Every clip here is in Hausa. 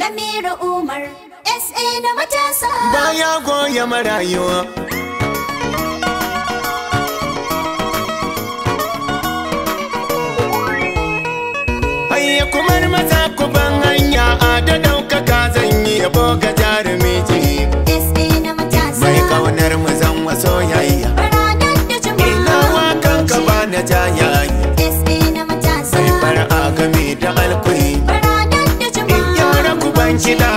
Lamiru Umar S.A. na matasa Baya goya marayuwa Hayya kumar mata ku ban hanyar Тебя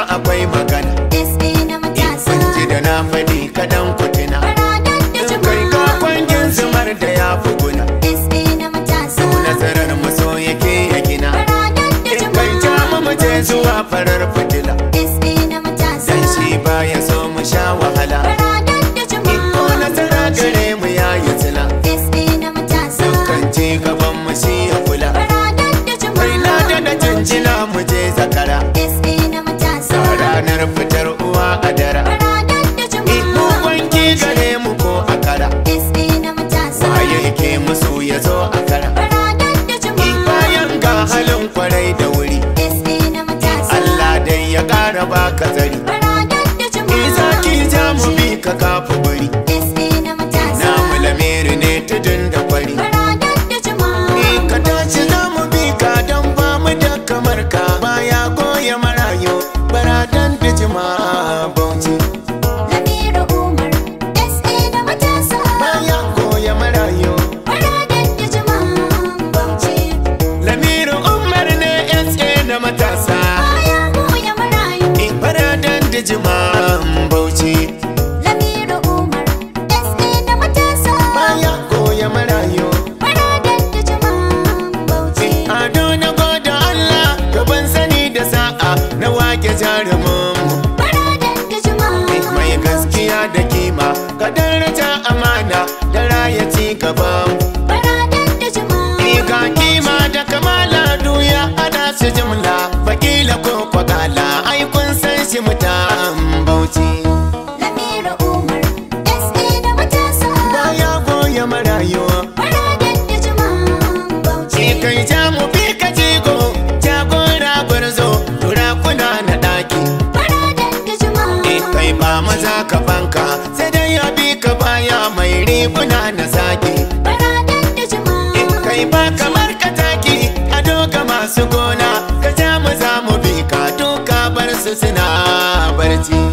na baka zari Ni zaki za mu bi ka kafa guri Na mulamiri ne tudun da kwari Ni ka tashi za mu bi ka don ba mu da kamar ka Baya goya marayo baradan da jima'a jima'an lamiru umar baya koya marayu. ado na goda allah gaban sani da sa'a na wake jarumin mai gaskiya da kima ka daraja amana da raya ci gaban fanka sai dai ya bi ka baya mai riguna na zaki baradan kai ba kamar ka taki a masu gona ka ja mu za mu bi ka to ka bar su suna barci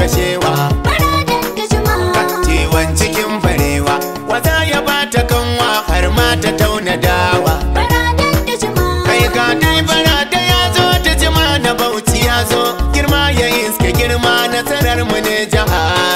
high.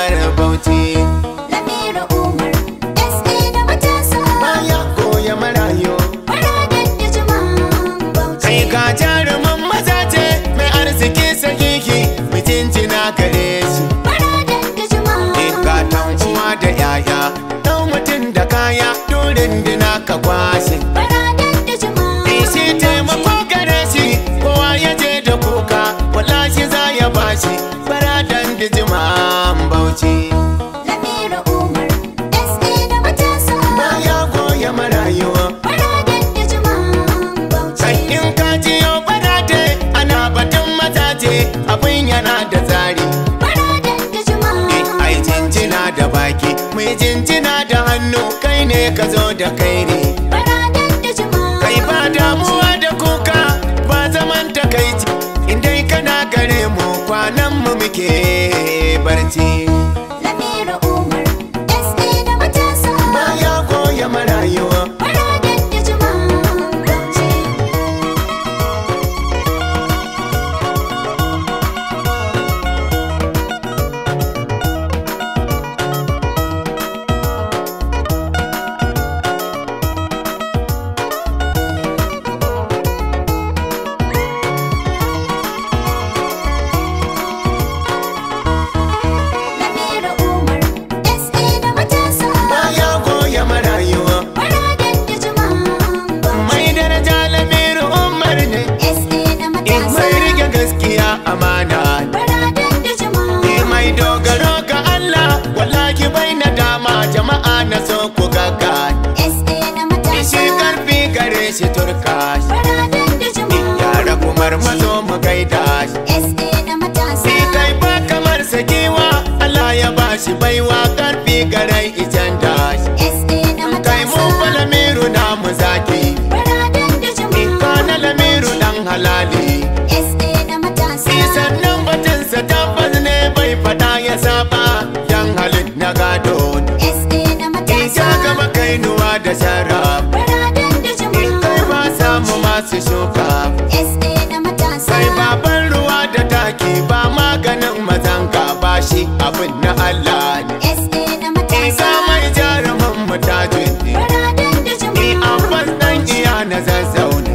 gaban bauchi Lamira Umar da matasa Baya koya marayuwa Baraden da jama'an bauchi Sai in ka ji yau barade ana batun mataje. abin yana da tsari Baraden da jama'an Ai jinjina da baki mai jinjina da hannu kai ne ka zo da kai ne Baraden da jama'an Kai ba damuwa da kuka ba zaman takaici idan kana gare mu kwanan mu muke 2019. Allah ya bashi baiwa karfi garai ijan dashi kai mu Lamiru na mu zaki Ika na lamiru dan halali sannan batinsa tabbas ne bai faɗa ya saba yan halin na gado isa gaba kainuwa da sharaf in ba samu masu shuka abin na Allah ne isa mai jarumin matajin ne ni abbas dan iya na zazzaune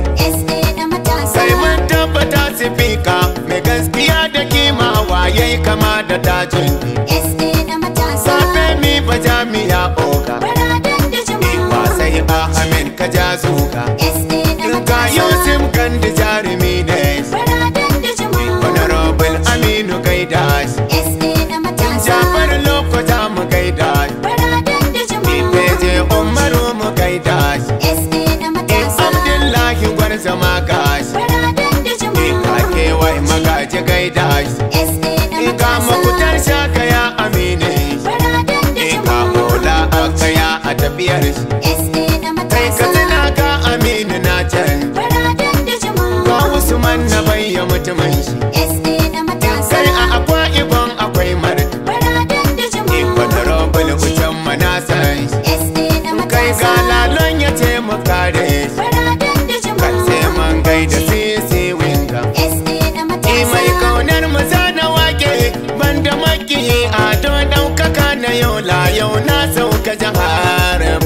sai mun tabbata sifika mai gaskiya da kima waye kama da tajin ne safe mi ba jami'a oga ni wasai ahamin ka ja zuka in ka yusim gandija may die. na yau la yau na sauka jihar